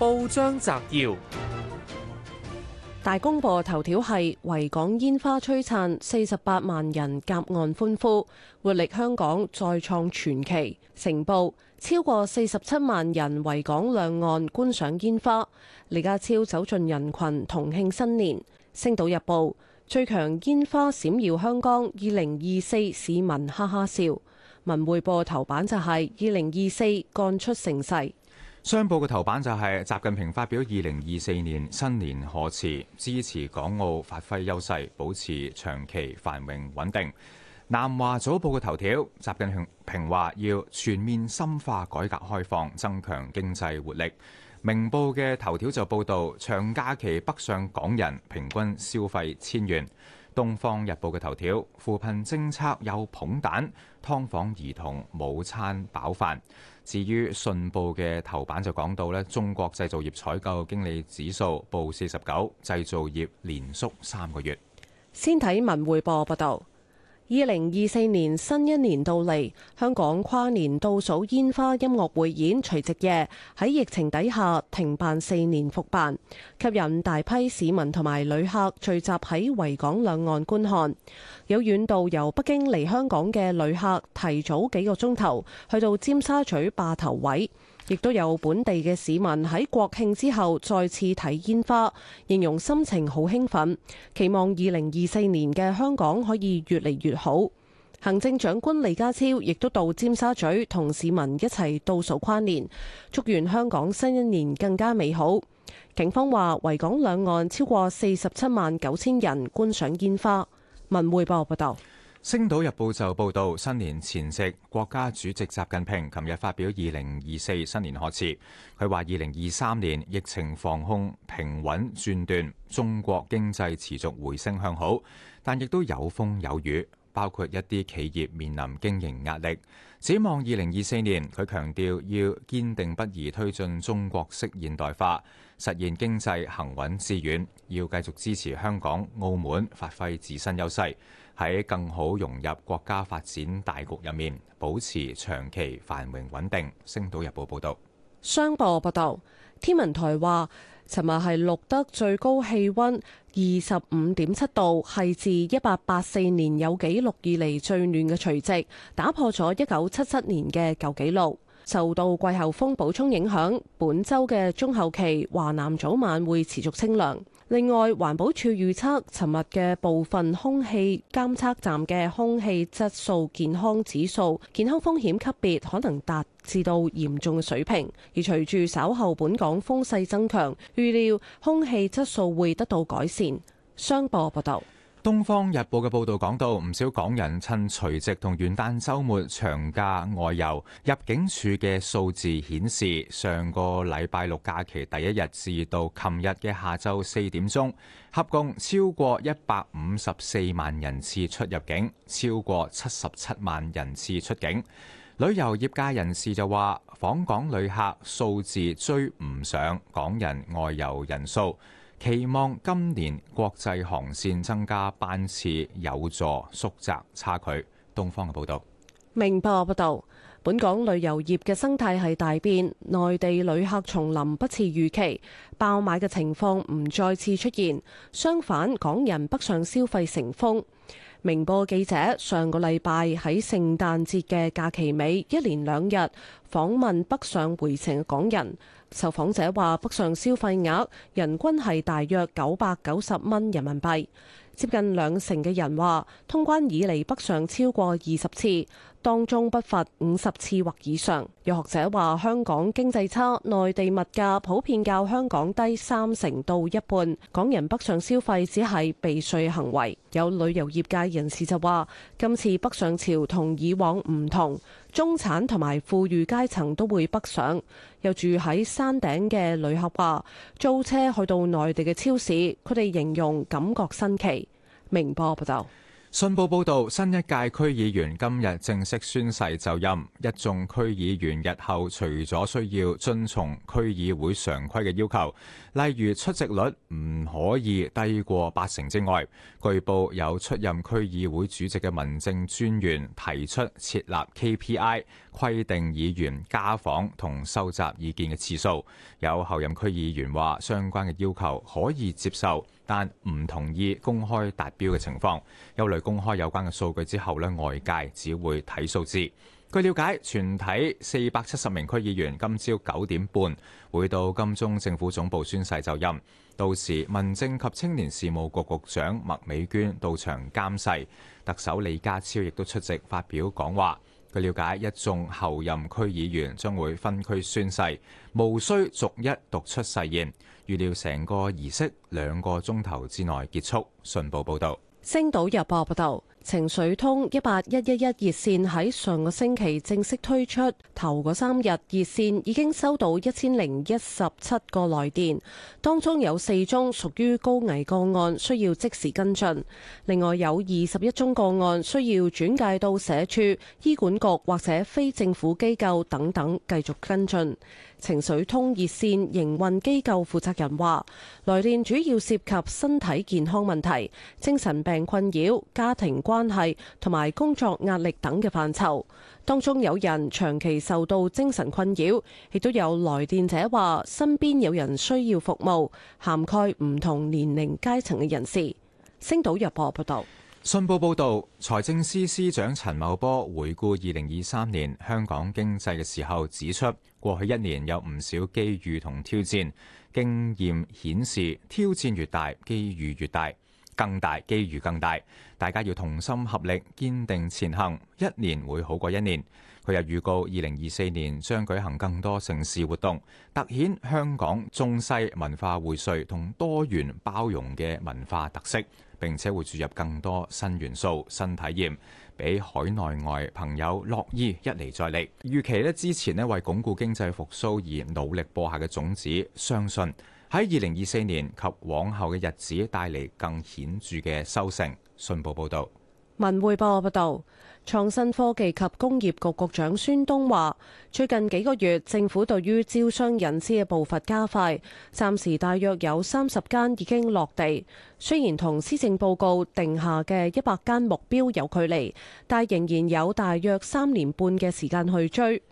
報章摘要：大公報頭條係維港煙花璀璨，四十八萬人夾岸歡呼，活力香港再創傳奇。成報超過四十七萬人維港兩岸觀賞煙花，李家超走進人群同慶新年。星島日報最強煙花閃耀香港，二零二四市民哈哈笑。文匯報頭版就係二零二四幹出盛世。商報嘅頭版就係習近平發表二零二四年新年賀詞，支持港澳發揮優勢，保持長期繁榮穩定。南華早報嘅頭條，習近平話要全面深化改革開放，增強經濟活力。明報嘅頭條就報道，長假期北上港人平均消費千元。《東方日報》嘅頭條，扶貧政策有捧蛋，劏房兒童冇餐飽飯。至於信報嘅頭版就講到咧，中國製造業採購經理指數報四十九，製造業連縮三個月。先睇文匯報報道。二零二四年新一年到嚟，香港跨年倒數煙花音樂匯演除夕夜喺疫情底下停辦四年復辦，吸引大批市民同埋旅客聚集喺維港兩岸觀看。有遠道由北京嚟香港嘅旅客提早幾個鐘頭去到尖沙咀霸頭位。亦都有本地嘅市民喺國慶之後再次睇煙花，形容心情好興奮，期望二零二四年嘅香港可以越嚟越好。行政長官李家超亦都到尖沙咀同市民一齊倒數跨年，祝願香港新一年更加美好。警方話維港兩岸超過四十七萬九千人觀賞煙花。文匯報報道。《星島日報》就報道，新年前夕，國家主席習近平琴日發表二零二四新年賀詞。佢話：二零二三年疫情防控平穩轉段，中國經濟持續回升向好，但亦都有風有雨，包括一啲企業面臨經營壓力。展望二零二四年，佢強調要堅定不移推進中國式現代化，實現經濟行穩致遠。要繼續支持香港、澳門發揮自身優勢。喺更好融入國家發展大局入面，保持長期繁榮穩定。星島日報報道。商報報道，天文台話，尋日係錄得最高氣溫二十五點七度，係自一八八四年有紀錄以嚟，最暖嘅除夕，打破咗一九七七年嘅舊紀錄。受到季候風補充影響，本周嘅中後期，華南早晚會持續清涼。另外，環保署預測，尋日嘅部分空氣監測站嘅空氣質素健康指數，健康風險級別可能達至到嚴重嘅水平，而隨住稍後本港風勢增強，預料空氣質素會得到改善。商報報道。《東方日報》嘅報道講到，唔少港人趁除夕同元旦周末長假外遊。入境處嘅數字顯示，上個禮拜六假期第一日至到琴日嘅下晝四點鐘，合共超過一百五十四萬人次出入境，超過七十七萬人次出境。旅遊業界人士就話，訪港旅客數字追唔上港人外遊人數。期望今年國際航線增加班次有助縮窄差距。東方嘅報道。明報報道，本港旅遊業嘅生態係大變，內地旅客從臨不似預期，爆買嘅情況唔再次出現，相反，港人北上消費成風。明報記者上個禮拜喺聖誕節嘅假期尾，一連兩日訪問北上回程嘅港人，受訪者話北上消費額人均係大約九百九十蚊人民幣，接近兩成嘅人話通關以嚟北上超過二十次。當中不乏五十次或以上。有學者話香港經濟差，內地物價普遍較香港低三成到一半，港人北上消費只係避稅行為。有旅遊業界人士就話今次北上潮同以往唔同，中產同埋富裕階層都會北上。有住喺山頂嘅旅客話租車去到內地嘅超市，佢哋形容感覺新奇。明波報道。信報報導，新一屆區議員今日正式宣誓就任。一眾區議員日後除咗需要遵從區議會常規嘅要求，例如出席率唔可以低過八成之外，據報有出任區議會主席嘅民政專員提出設立 KPI，規定議員家訪同收集意見嘅次數。有候任區議員話，相關嘅要求可以接受。但唔同意公開達標嘅情況，憂慮公開有關嘅數據之後咧，外界只會睇數字。據了解，全體四百七十名區議員今朝九點半會到金鐘政府總部宣誓就任，到時民政及青年事務局局局長麥美娟到場監誓，特首李家超亦都出席發表講話。據了解，一眾候任區議員將會分區宣誓，無需逐一讀出誓言。預料成個儀式兩個鐘頭之內結束。信報報道，星島日報報道。情緒通18111熱線喺上個星期正式推出，頭個三日熱線已經收到一千零一十七個來電，當中有四宗屬於高危個案，需要即時跟進；另外有二十一宗個案需要轉介到社署、醫管局或者非政府機構等等繼續跟進。情緒通熱線營運機構負責人話：來電主要涉及身體健康問題、精神病困擾、家庭。關係同埋工作壓力等嘅範疇，當中有人長期受到精神困擾，亦都有來電者話身邊有人需要服務，涵蓋唔同年齡階層嘅人士。星島日報報道，信報報道，財政司司長陳茂波回顧二零二三年香港經濟嘅時候指出，過去一年有唔少機遇同挑戰，經驗顯示挑戰越大，機遇越大。更大，機遇更大，大家要同心合力，堅定前行，一年會好過一年。佢又預告，二零二四年將舉行更多盛事活動，凸顯香港中西文化薈萃同多元包容嘅文化特色，並且會注入更多新元素、新體驗，俾海內外朋友樂意一嚟再嚟。預期咧之前咧為鞏固經濟復蘇而努力播下嘅種子，相信。喺二零二四年及往後嘅日子，帶嚟更顯著嘅收成。信報報道：「文匯報報道，創新科技及工業局局長孫東話，最近幾個月，政府對於招商引資嘅步伐加快，暫時大約有三十間已經落地。雖然同施政報告定下嘅一百間目標有距離，但仍然有大約三年半嘅時間去追。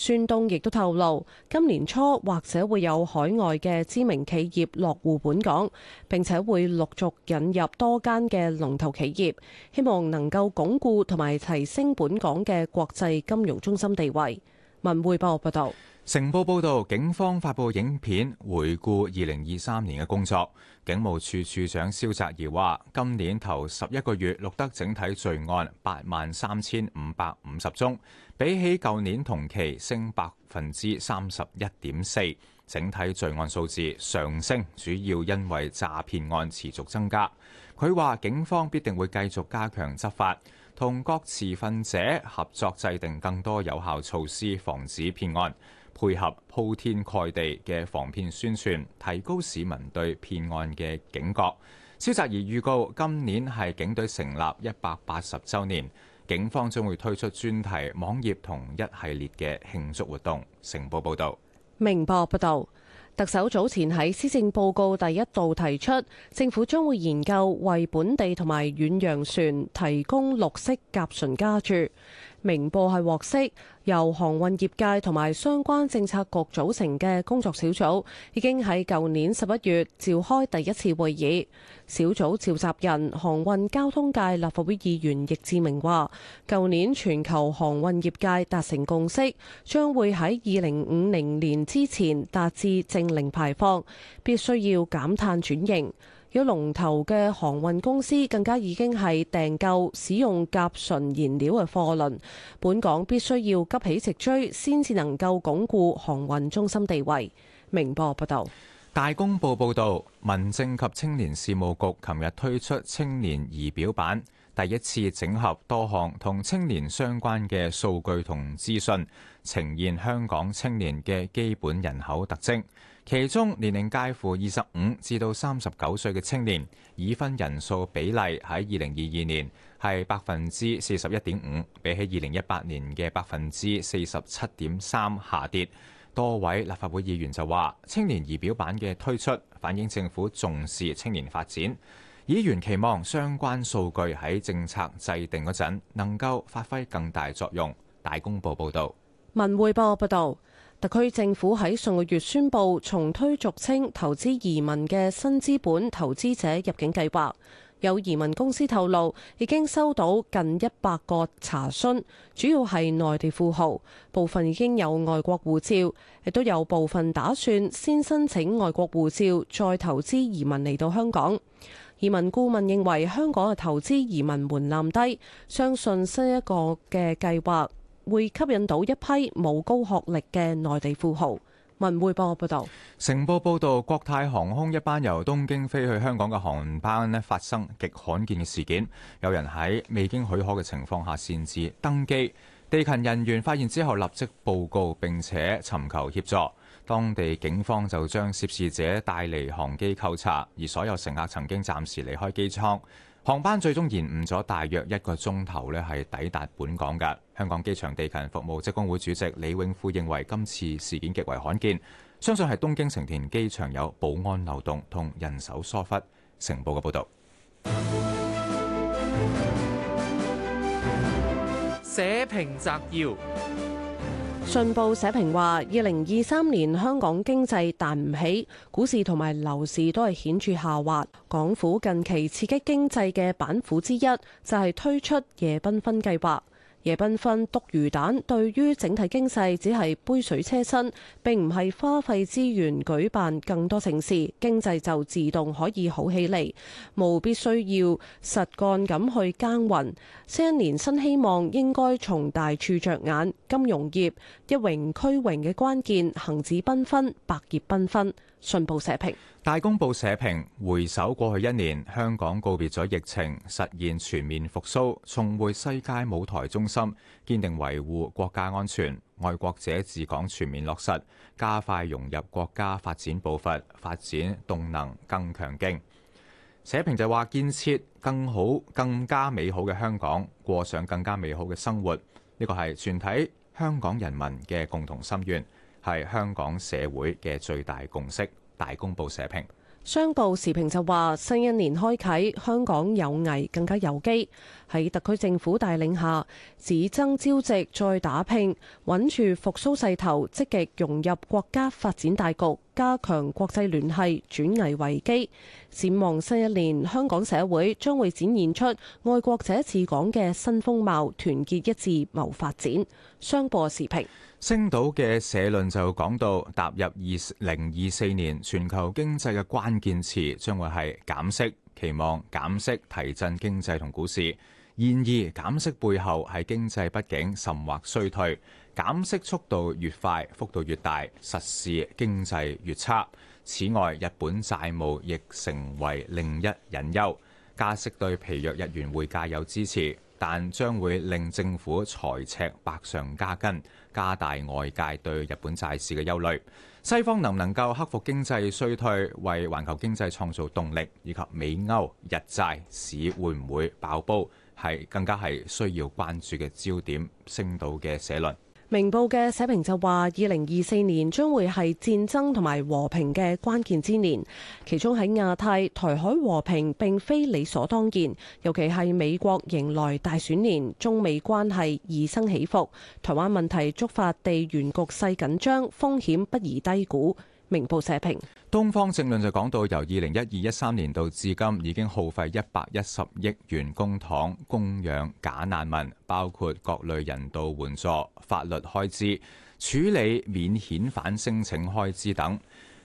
孫東亦都透露，今年初或者會有海外嘅知名企業落戶本港，並且會陸續引入多間嘅龍頭企業，希望能夠鞏固同埋提升本港嘅國際金融中心地位。文匯報報道。成報報導，警方發布影片回顧二零二三年嘅工作。警務處處長蕭澤頤話：今年頭十一個月錄得整體罪案八萬三千五百五十宗，比起舊年同期升百分之三十一點四。整體罪案數字上升，主要因為詐騙案持續增加。佢話：警方必定會繼續加強執法，同各持份者合作，制定更多有效措施，防止騙案。配合鋪天蓋地嘅防騙宣傳，提高市民對騙案嘅警覺。蕭澤頤預告，今年係警隊成立一百八十週年，警方將會推出專題網頁同一系列嘅慶祝活動。成報報道：明「明報報道，特首早前喺施政報告第一度提出，政府將會研究為本地同埋遠洋船提供綠色甲醇加注。明報係獲悉，由航運業界同埋相關政策局組成嘅工作小組已經喺舊年十一月召開第一次會議。小組召集人、航運交通界立法會議員易志明話，舊年全球航運業界達成共識，將會喺二零五零年之前達至淨零排放，必須要減碳轉型。有龍頭嘅航運公司更加已經係訂購使用甲醇燃料嘅貨輪，本港必須要急起直追，先至能夠鞏固航運中心地位。明報報道。《大公報》報道，民政及青年事務局琴日推出青年儀表板，第一次整合多項同青年相關嘅數據同資訊，呈現香港青年嘅基本人口特徵。其中年齡介乎二十五至到三十九歲嘅青年已婚人數比例喺二零二二年係百分之四十一點五，比起二零一八年嘅百分之四十七點三下跌。多位立法會議員就話，青年儀表板嘅推出反映政府重視青年發展。議員期望相關數據喺政策制定嗰陣能夠發揮更大作用。大公報報道。文匯報報道。特區政府喺上個月宣布重推俗稱投資移民嘅新資本投資者入境計劃，有移民公司透露已經收到近一百個查詢，主要係內地富豪，部分已經有外國護照，亦都有部分打算先申請外國護照再投資移民嚟到香港。移民顧問認為香港嘅投資移民門檻低，相信新一個嘅計劃會吸引到一批冇高學歷嘅內地富豪。文匯報報道，成報報導，國泰航空一班由東京飛去香港嘅航班呢，發生極罕見嘅事件，有人喺未經許可嘅情況下擅自登機。地勤人員發現之後立即報告並且尋求協助，當地警方就將涉事者帶離航機扣查，而所有乘客曾經暫時離開機艙。航班最終延誤咗大約一個鐘頭咧，係抵達本港嘅。香港機場地勤服務職工會主席李永富認為今次事件極為罕見，相信係東京成田機場有保安漏洞同人手疏忽。成報嘅報導。社評摘要。信報社評話：二零二三年香港經濟彈唔起，股市同埋樓市都係顯著下滑。港府近期刺激經濟嘅板斧之一，就係、是、推出夜繽紛計劃。夜繽紛篤魚蛋，對於整體經濟只係杯水車薪，並唔係花費資源舉辦更多盛事，經濟就自動可以好起嚟，務必需要實幹咁去耕耘。新一年新希望應該從大處着眼，金融業一榮俱榮嘅關鍵，行止繽紛，百業繽紛。信報社評，大公報社評，回首過去一年，香港告別咗疫情，實現全面復甦，重回世界舞台中。心堅定維護國家安全，愛國者治港全面落實，加快融入國家發展步伐，發展動能更強勁。社評就話建設更好、更加美好嘅香港，過上更加美好嘅生活，呢個係全體香港人民嘅共同心願，係香港社會嘅最大共識。大公報社評。商報時評就話：新一年開啓，香港有危更加有機。喺特區政府帶領下，只爭朝夕，再打拼，穩住復甦勢頭，積極融入國家發展大局。加強國際聯繫，轉危為機。展望新一年，香港社會將會展現出愛國者治港嘅新風貌，團結一致謀發展。商報時評，星島嘅社論就講到，踏入二零二四年，全球經濟嘅關鍵詞將會係減息，期望減息提振經濟同股市。然而，減息背後係經濟不景，甚或衰退。減息速度越快，幅度越大，實事經濟越差。此外，日本債務亦成為另一隱憂。加息對疲弱日元匯價有支持，但將會令政府財赤百上加斤，加大外界對日本債市嘅憂慮。西方能唔能夠克服經濟衰退，為環球經濟創造動力，以及美歐日債市會唔會爆煲，係更加係需要關注嘅焦點。星島嘅社論。明報嘅社評就話：二零二四年將會係戰爭同埋和平嘅關鍵之年，其中喺亞太、台海和平並非理所當然，尤其係美國迎來大選年，中美關係易生起伏，台灣問題觸發地緣局勢緊張，風險不宜低估。明報社評：東方正論就講到由，由二零一二一三年度至今，已經耗費一百一十億元公帑供養假難民，包括各類人道援助、法律開支、處理免遣返申請開支等。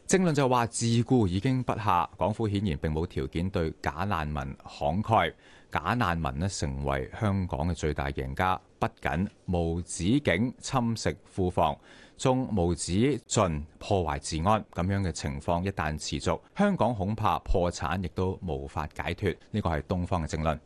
正論就話，自顧已經不下，港府顯然並冇條件對假難民慷慨。假難民呢，成為香港嘅最大贏家。不僅無止境侵蝕庫房，仲無止盡破壞治安。咁樣嘅情況一旦持續，香港恐怕破產，亦都無法解決。呢個係東方嘅政論。